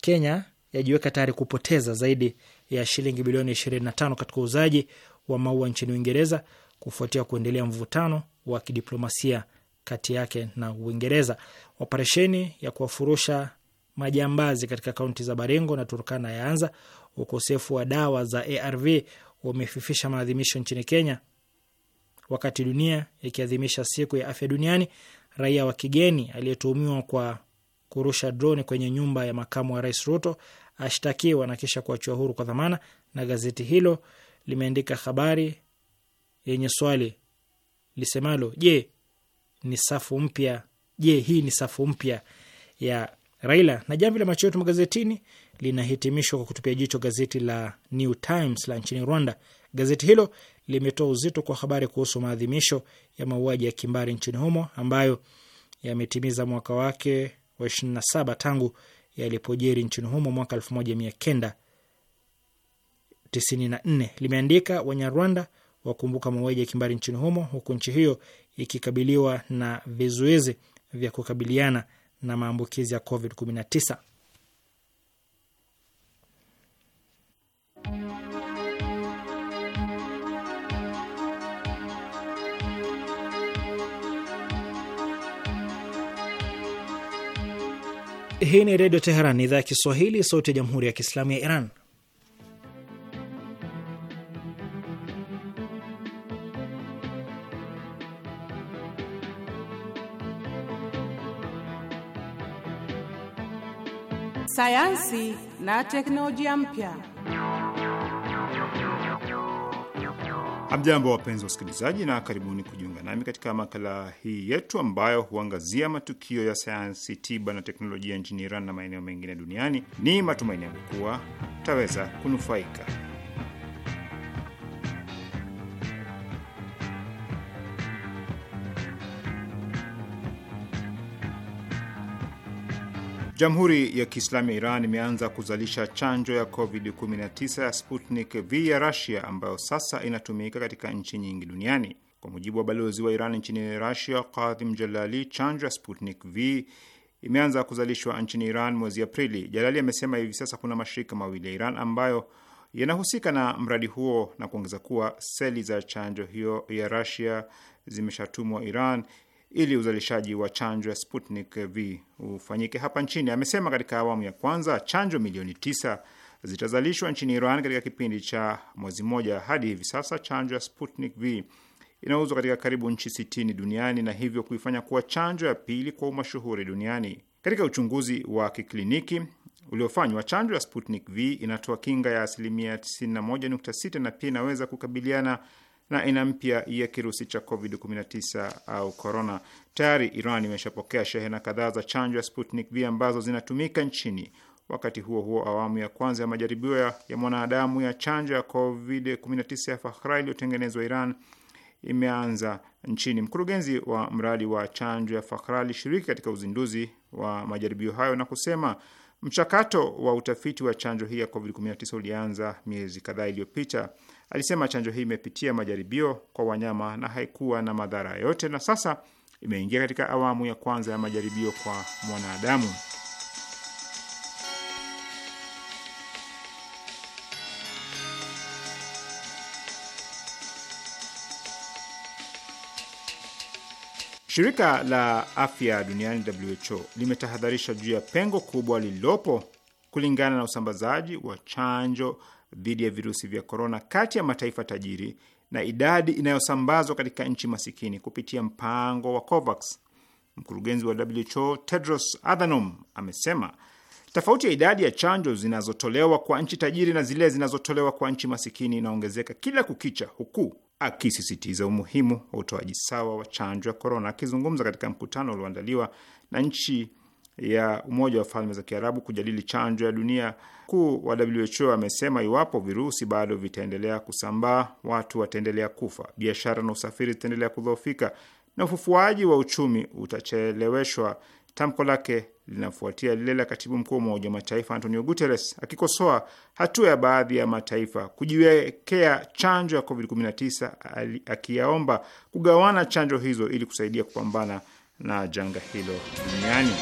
Kenya yajiweka tayari kupoteza zaidi ya shilingi bilioni 25 katika uuzaji wa maua nchini Uingereza kufuatia kuendelea mvutano wa kidiplomasia kati yake na Uingereza. Operesheni ya kuwafurusha majambazi katika kaunti za Baringo na Turkana yaanza. Ukosefu wa dawa za ARV umefifisha maadhimisho nchini Kenya. Wakati dunia ikiadhimisha siku ya afya duniani, raia wa kigeni aliyetuhumiwa kwa kurusha droni kwenye nyumba ya makamu wa rais Ruto ashtakiwa na kisha kuachiwa huru kwa dhamana. Na gazeti hilo limeandika habari yenye swali lisemalo, je, ni safu mpya? Je, hii ni safu mpya ya Raila. Na jamvi la macho yetu magazetini linahitimishwa kwa kutupia jicho gazeti la New Times la nchini Rwanda. Gazeti hilo limetoa uzito kwa habari kuhusu maadhimisho ya mauaji ya kimbari nchini humo ambayo yametimiza mwaka wake wa 27 tangu yalipojiri nchini humo mwaka 1994. Limeandika Wanyarwanda wakumbuka mauaji ya kimbari nchini humo, huku nchi hiyo ikikabiliwa na vizuizi vya kukabiliana na maambukizi ya COVID-19. Hii ni Redio Teheran, idhaa ya Kiswahili, sauti ya Jamhuri ya Kiislamu ya Iran. sayansi na teknolojia mpya. Hamjambo, wapenzi wa usikilizaji, na karibuni kujiunga nami katika makala hii yetu ambayo huangazia matukio ya sayansi, tiba na teknolojia nchini Iran na maeneo mengine duniani. Ni matumaini yangu kuwa taweza kunufaika. Jamhuri ya Kiislamu ya Iran imeanza kuzalisha chanjo ya COVID-19 ya Sputnik V ya rasia ambayo sasa inatumika katika nchi nyingi duniani. Kwa mujibu wa balozi wa Iran nchini rasia Kadhim Jalali, chanjo ya Sputnik V imeanza kuzalishwa nchini Iran mwezi Aprili. Jalali amesema hivi sasa kuna mashirika mawili ya Iran ambayo yanahusika na mradi huo na kuongeza kuwa seli za chanjo hiyo ya rasia zimeshatumwa Iran ili uzalishaji wa chanjo ya Sputnik V ufanyike hapa nchini. Amesema katika awamu ya kwanza chanjo milioni tisa zitazalishwa nchini Iran katika kipindi cha mwezi mmoja. Hadi hivi sasa chanjo ya Sputnik V inauzwa katika karibu nchi sitini duniani na hivyo kuifanya kuwa chanjo ya pili kwa umashuhuri duniani. Katika uchunguzi wa kikliniki uliofanywa, chanjo ya Sputnik V inatoa kinga ya asilimia 91.6 na pia inaweza kukabiliana na aina mpya ya kirusi cha COVID-19 au corona. Tayari Iran imeshapokea shehena kadhaa za chanjo ya Sputnik V ambazo zinatumika nchini. Wakati huo huo, awamu ya kwanza ya majaribio ya, ya mwanadamu ya chanjo ya COVID-19 ya Fakhra iliyotengenezwa Iran imeanza nchini. Mkurugenzi wa mradi wa chanjo ya Fakhra alishiriki katika uzinduzi wa majaribio hayo na kusema mchakato wa utafiti wa chanjo hii ya COVID-19 ulianza miezi kadhaa iliyopita. Alisema chanjo hii imepitia majaribio kwa wanyama na haikuwa na madhara yote, na sasa imeingia katika awamu ya kwanza ya majaribio kwa mwanadamu. Shirika la afya duniani WHO limetahadharisha juu ya pengo kubwa lililopo kulingana na usambazaji wa chanjo dhidi ya virusi vya korona kati ya mataifa tajiri na idadi inayosambazwa katika nchi masikini kupitia mpango wa COVAX. Mkurugenzi wa WHO Tedros Adhanom amesema tofauti ya idadi ya chanjo zinazotolewa kwa nchi tajiri na zile zinazotolewa kwa nchi masikini inaongezeka kila kukicha, huku akisisitiza umuhimu wa utoaji sawa wa chanjo ya korona. Akizungumza katika mkutano ulioandaliwa na nchi ya Umoja wa Falme za Kiarabu kujadili chanjo ya dunia. Mkuu wa WHO amesema iwapo virusi bado vitaendelea kusambaa, watu wataendelea kufa, biashara na usafiri zitaendelea kudhoofika na ufufuaji wa uchumi utacheleweshwa. Tamko lake linafuatia lile la katibu mkuu wa Umoja wa Mataifa Antonio Guterres akikosoa hatua ya baadhi ya mataifa kujiwekea chanjo ya COVID-19, akiyaomba kugawana chanjo hizo ili kusaidia kupambana na janga hilo duniani.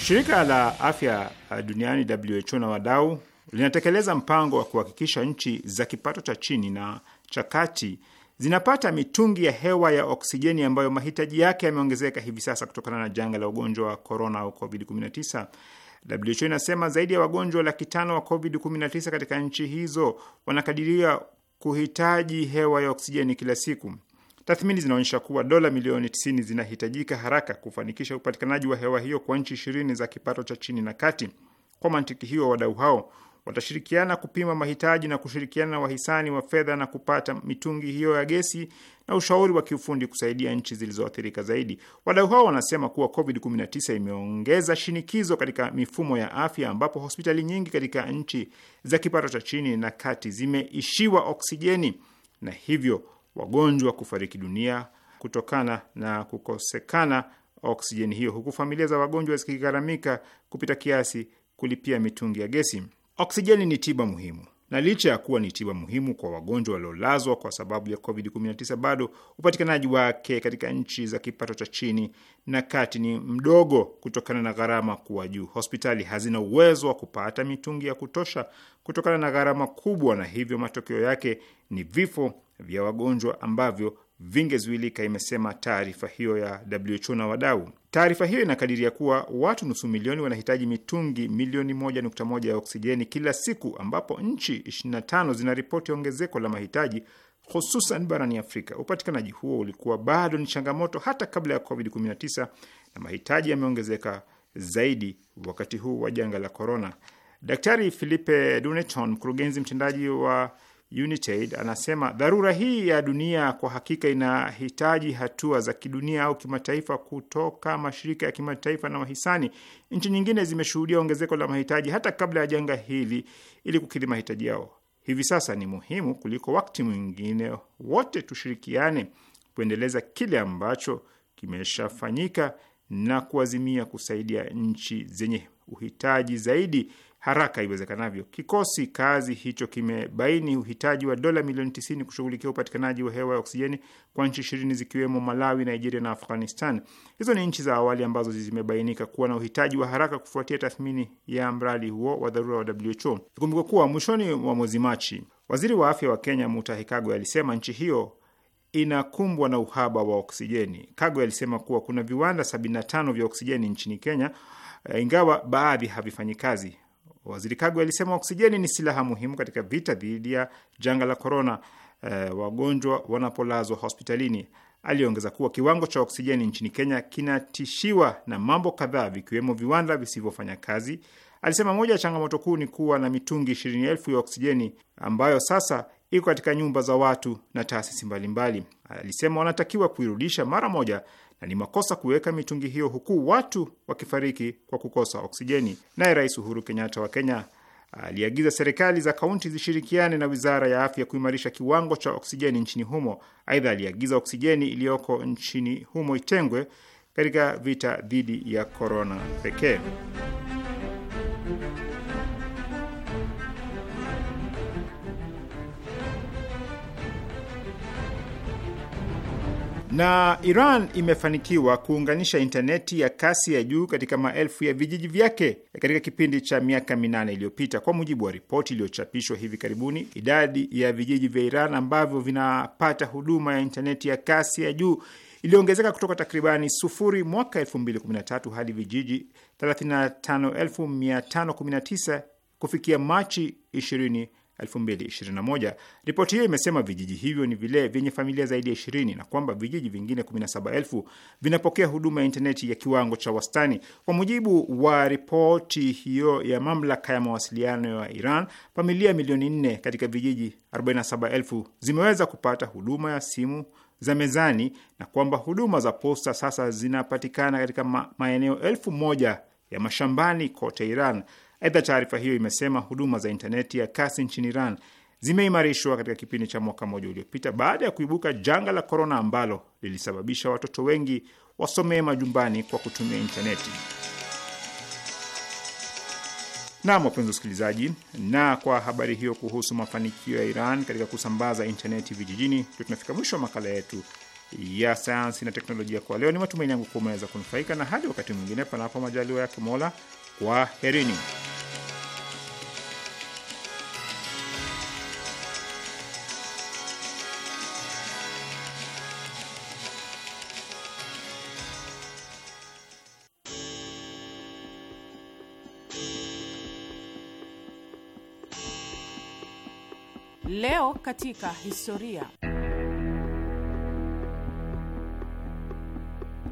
Shirika la afya uh, duniani WHO na wadau linatekeleza mpango wa kuhakikisha nchi za kipato cha chini na cha kati zinapata mitungi ya hewa ya oksijeni ambayo mahitaji yake yameongezeka hivi sasa kutokana na janga la ugonjwa wa korona au COVID-19. WHO inasema zaidi ya wagonjwa laki tano wa COVID-19 katika nchi hizo wanakadiria kuhitaji hewa ya oksijeni kila siku. Tathmini zinaonyesha kuwa dola milioni 90 zinahitajika haraka kufanikisha upatikanaji wa hewa hiyo kwa nchi ishirini za kipato cha chini na kati. Kwa mantiki hiyo, wadau hao watashirikiana kupima mahitaji na kushirikiana na wahisani wa fedha na kupata mitungi hiyo ya gesi na ushauri wa kiufundi kusaidia nchi zilizoathirika zaidi. Wadau hao wanasema kuwa COVID-19 imeongeza shinikizo katika mifumo ya afya, ambapo hospitali nyingi katika nchi za kipato cha chini na kati zimeishiwa oksijeni na hivyo wagonjwa kufariki dunia kutokana na kukosekana oksijeni hiyo, huku familia za wagonjwa zikigharamika kupita kiasi kulipia mitungi ya gesi. Oksijeni ni tiba muhimu, na licha ya kuwa ni tiba muhimu kwa wagonjwa waliolazwa kwa sababu ya COVID-19, bado upatikanaji wake katika nchi za kipato cha chini na kati ni mdogo kutokana na gharama kuwa juu. Hospitali hazina uwezo wa kupata mitungi ya kutosha kutokana na gharama kubwa, na hivyo matokeo yake ni vifo vya wagonjwa ambavyo vingezuilika, imesema taarifa hiyo ya WHO na wadau. Taarifa hiyo inakadiria kuwa watu nusu milioni wanahitaji mitungi milioni moja ya oksijeni kila siku, ambapo nchi 25 zinaripoti ongezeko la mahitaji hususan barani Afrika. Upatikanaji huo ulikuwa bado ni changamoto hata kabla ya COVID-19 na mahitaji yameongezeka zaidi wakati huu wa janga la korona. Daktari Philippe Duneton, mkurugenzi mtendaji wa United anasema dharura hii ya dunia kwa hakika inahitaji hatua za kidunia au kimataifa kutoka mashirika ya kimataifa na wahisani. Nchi nyingine zimeshuhudia ongezeko la mahitaji hata kabla ya janga hili, ili kukidhi mahitaji yao. Hivi sasa ni muhimu kuliko wakati mwingine wote, tushirikiane kuendeleza kile ambacho kimeshafanyika na kuazimia kusaidia nchi zenye uhitaji zaidi haraka iwezekanavyo. Kikosi kazi hicho kimebaini uhitaji wa dola milioni 90 kushughulikia upatikanaji wa hewa ya oksijeni kwa nchi ishirini zikiwemo Malawi, Nigeria na Afghanistan. Hizo ni nchi za awali ambazo zimebainika kuwa na uhitaji wa haraka kufuatia tathmini ya mradi huo wa dharura wa WHO. Ikumbuka kuwa mwishoni mwa mwezi Machi, waziri wa afya wa Kenya Mutahi Kagwe alisema nchi hiyo inakumbwa na uhaba wa oksijeni. Kagwe alisema kuwa kuna viwanda 75 vya oksijeni nchini Kenya, eh, ingawa baadhi havifanyi kazi. Waziri Kagwe alisema oksijeni ni silaha muhimu katika vita dhidi ya janga la korona, E, eh, wagonjwa wanapolazwa hospitalini. Aliongeza kuwa kiwango cha oksijeni nchini Kenya kinatishiwa na mambo kadhaa, vikiwemo viwanda visivyofanya kazi. Alisema moja ya changamoto kuu ni kuwa na mitungi elfu ya oksijeni ambayo sasa iko katika nyumba za watu na taasisi mbalimbali. Alisema wanatakiwa kuirudisha mara moja na ni makosa kuweka mitungi hiyo huku watu wakifariki kwa kukosa oksijeni. Naye Rais Uhuru Kenyatta wa Kenya aliagiza serikali za kaunti zishirikiane na wizara ya afya kuimarisha kiwango cha oksijeni nchini humo. Aidha, aliagiza oksijeni iliyoko nchini humo itengwe katika vita dhidi ya korona pekee. na Iran imefanikiwa kuunganisha intaneti ya kasi ya juu katika maelfu ya vijiji vyake katika kipindi cha miaka minane iliyopita. Kwa mujibu wa ripoti iliyochapishwa hivi karibuni, idadi ya vijiji vya Iran ambavyo vinapata huduma ya intaneti ya kasi ya juu iliongezeka kutoka takribani sufuri mwaka 2013 hadi vijiji 35519 kufikia Machi 20 2021. Ripoti hiyo imesema vijiji hivyo ni vile vyenye familia zaidi ya 20 na kwamba vijiji vingine 17,000 vinapokea huduma ya intaneti ya kiwango cha wastani. Kwa mujibu wa ripoti hiyo ya mamlaka ya mawasiliano ya Iran, familia milioni 4 katika vijiji 47,000 zimeweza kupata huduma ya simu za mezani na kwamba huduma za posta sasa zinapatikana katika ma maeneo elfu moja ya mashambani kote Iran. Aidha, taarifa hiyo imesema huduma za intaneti ya kasi nchini Iran zimeimarishwa katika kipindi cha mwaka mmoja uliopita baada ya kuibuka janga la korona ambalo lilisababisha watoto wengi wasomee majumbani kwa kutumia intaneti. Nam, wapenzi wasikilizaji, na kwa habari hiyo kuhusu mafanikio ya Iran katika kusambaza intaneti vijijini, ndio tunafika mwisho wa makala yetu ya sayansi na teknolojia kwa leo. Ni matumaini yangu kuwa umeweza kunufaika, na hadi wakati mwingine, panapo majaliwa yake Mola, herini Leo katika historia.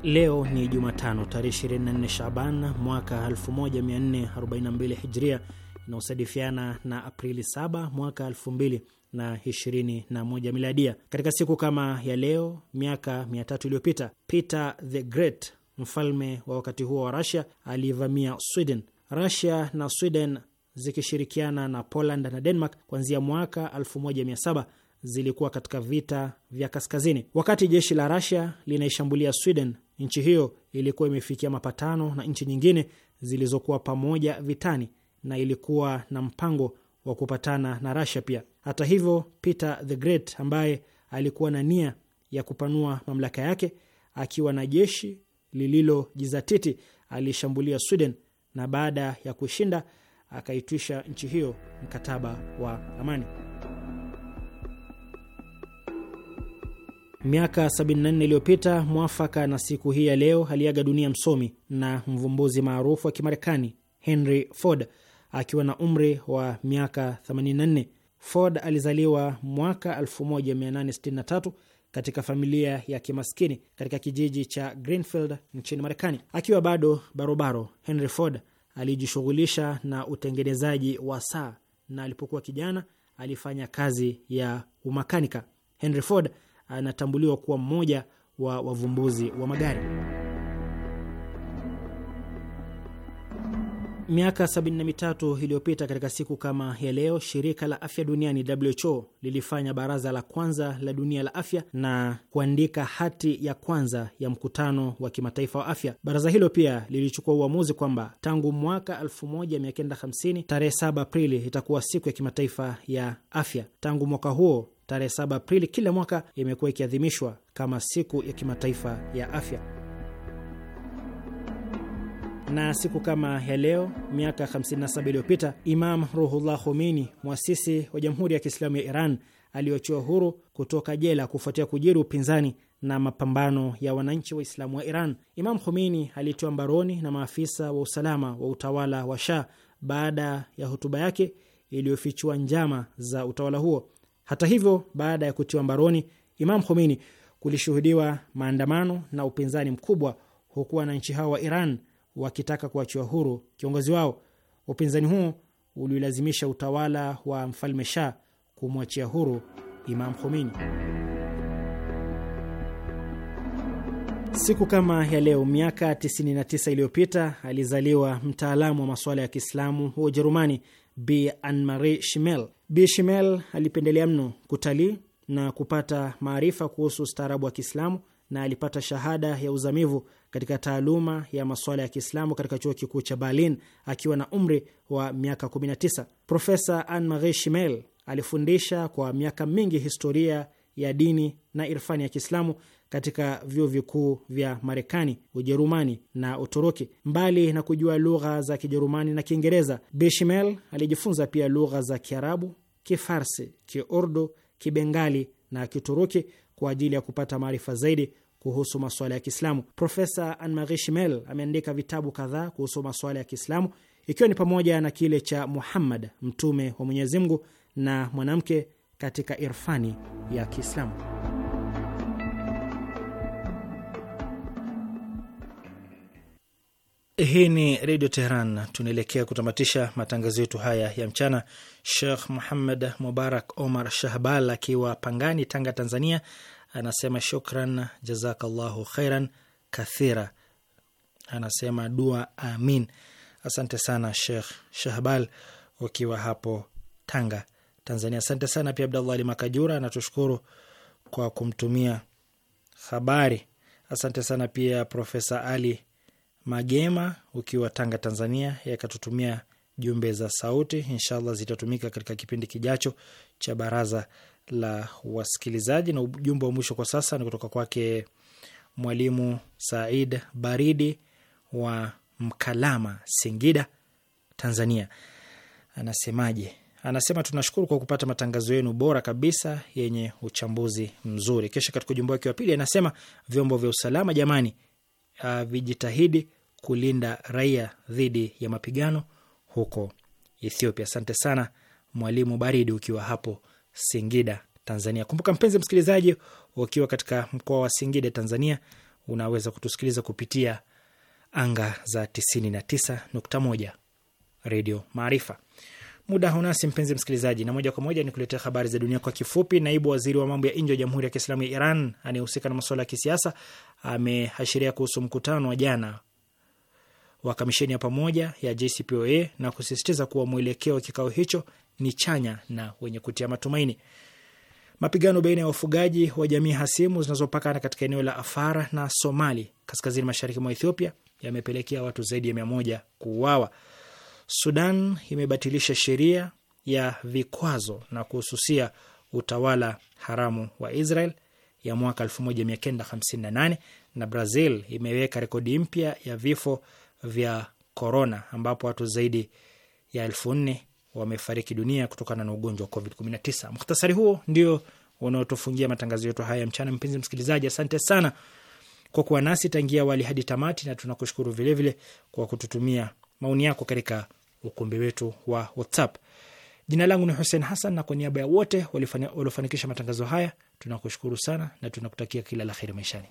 Leo ni Jumatano tarehe 24 Shaban mwaka 1442 Hijria, inayosadifiana na Aprili 7 mwaka 21 Miladia. Katika siku kama ya leo miaka 300 iliyopita, Peter the Great, mfalme wa wakati huo wa Russia, alivamia Sweden. Russia na Sweden zikishirikiana na Poland na Denmark kuanzia mwaka 1700 zilikuwa katika vita vya kaskazini. Wakati jeshi la rasia linaishambulia Sweden, nchi hiyo ilikuwa imefikia mapatano na nchi nyingine zilizokuwa pamoja vitani na ilikuwa na mpango wa kupatana na rasia pia. Hata hivyo, Peter the Great ambaye alikuwa na nia ya kupanua mamlaka yake akiwa na jeshi lililojizatiti alishambulia Sweden na baada ya kushinda akaitwisha nchi hiyo mkataba wa amani. Miaka 74 iliyopita mwafaka na siku hii ya leo, aliaga dunia msomi na mvumbuzi maarufu wa Kimarekani Henry Ford akiwa na umri wa miaka 84. Ford alizaliwa mwaka 1863 katika familia ya kimaskini katika kijiji cha Greenfield nchini Marekani. Akiwa bado barobaro, Henry Ford alijishughulisha na utengenezaji wa saa na alipokuwa kijana alifanya kazi ya umakanika. Henry Ford anatambuliwa kuwa mmoja wa wavumbuzi wa magari. Miaka 73 iliyopita katika siku kama ya leo, shirika la afya duniani WHO lilifanya baraza la kwanza la dunia la afya na kuandika hati ya kwanza ya mkutano wa kimataifa wa afya. Baraza hilo pia lilichukua uamuzi kwamba tangu mwaka 1950 tarehe 7 Aprili itakuwa siku ya kimataifa ya afya. Tangu mwaka huo tarehe 7 Aprili kila mwaka imekuwa ikiadhimishwa kama siku ya kimataifa ya afya na siku kama ya leo miaka 57 iliyopita Imam Ruhullah Khomeini, mwasisi wa Jamhuri ya Kiislamu ya Iran, aliyoachiwa huru kutoka jela kufuatia kujiri upinzani na mapambano ya wananchi Waislamu wa Iran. Imam Khomeini alitiwa mbaroni na maafisa wa usalama wa utawala wa Shah baada ya hotuba yake iliyofichua njama za utawala huo. Hata hivyo, baada ya kutiwa mbaroni Imam Khomeini, kulishuhudiwa maandamano na upinzani mkubwa, huku wananchi hao wa Iran wakitaka kuachiwa huru kiongozi wao. Upinzani huo ulilazimisha utawala wa mfalme Shah kumwachia huru Imam Khomeini. Siku kama ya leo miaka 99 iliyopita alizaliwa mtaalamu wa masuala ya Kiislamu wa Ujerumani b Anmarie Shimel. b Shimel alipendelea mno kutalii na kupata maarifa kuhusu ustaarabu wa Kiislamu na alipata shahada ya uzamivu katika taaluma ya masuala ya Kiislamu katika chuo kikuu cha Berlin akiwa na umri wa miaka 19. Profesa Anne-Marie Shimel alifundisha kwa miaka mingi historia ya dini na irfani ya Kiislamu katika vyuo vikuu vya Marekani, Ujerumani na Uturuki. Mbali na kujua lugha za Kijerumani na Kiingereza, Bishmel alijifunza pia lugha za Kiarabu, Kifarsi, Kiurdu, Kibengali na Kituruki kwa ajili ya kupata maarifa zaidi kuhusu masuala ya Kiislamu. Profesa Anmari Shimel ameandika vitabu kadhaa kuhusu masuala ya Kiislamu, ikiwa ni pamoja na kile cha Muhammad mtume wa Mwenyezi Mungu na mwanamke katika irfani ya Kiislamu. Hii ni Redio Teheran. Tunaelekea kutamatisha matangazo yetu haya ya mchana. Shekh Muhammad Mubarak Omar Shahbal akiwa Pangani, Tanga, Tanzania, anasema shukran, jazakallahu khairan kathira. Anasema dua amin. Asante sana Shekh Shahbal ukiwa hapo Tanga, Tanzania. Asante sana pia Abdallah Ali Makajura anatushukuru kwa kumtumia habari. Asante sana pia Profesa Ali Magema ukiwa Tanga, Tanzania, yakatutumia jumbe za sauti. Inshallah zitatumika katika kipindi kijacho cha baraza la wasikilizaji, na ujumbe wa mwisho kwa sasa ni kutoka kwake Mwalimu Said Baridi wa Mkalama, Singida, Tanzania. Anasemaje? Anasema tunashukuru kwa kupata matangazo yenu bora kabisa yenye uchambuzi mzuri. Kisha katika ujumbe wake wa pili anasema vyombo vya usalama jamani, uh, vijitahidi kulinda raia dhidi ya mapigano huko Ethiopia. Asante sana Mwalimu Baridi ukiwa hapo Singida, Tanzania. Kumbuka mpenzi msikilizaji, ukiwa katika mkoa wa Singida, Tanzania, unaweza kutusikiliza kupitia anga za 99.1 Redio Maarifa. Muda hunasi mpenzi msikilizaji, na moja kwa moja ni kuletea habari za dunia kwa kifupi. Naibu waziri wa mambo ya nje wa Jamhuri ya Kiislamu ya Iran anayehusika na masuala ya kisiasa ameashiria kuhusu mkutano wa jana wa kamisheni ya pamoja ya JCPOA na kusisitiza kuwa mwelekeo wa kikao hicho ni chanya na wenye kutia matumaini. Mapigano baina ya wafugaji wa jamii hasimu zinazopakana katika eneo la Afara na Somali kaskazini mashariki mwa Ethiopia yamepelekea watu zaidi ya mia moja kuuawa. Sudan imebatilisha sheria ya vikwazo na kuhususia utawala haramu wa Israel ya mwaka 1958 na Brazil imeweka rekodi mpya ya vifo vya korona ambapo watu zaidi ya elfu nne wamefariki dunia kutokana na ugonjwa wa COVID-19. Mukhtasari huo ndio unaotufungia matangazo yetu haya mchana. Mpenzi msikilizaji, asante sana kwa kuwa nasi tangia awali hadi tamati, na tunakushukuru vilevile kwa kututumia maoni yako katika ukumbi wetu wa WhatsApp. Jina langu ni Hussein Hassan, na kwa niaba ya wote waliofanikisha matangazo haya tunakushukuru sana na tunakutakia kila la heri maishani.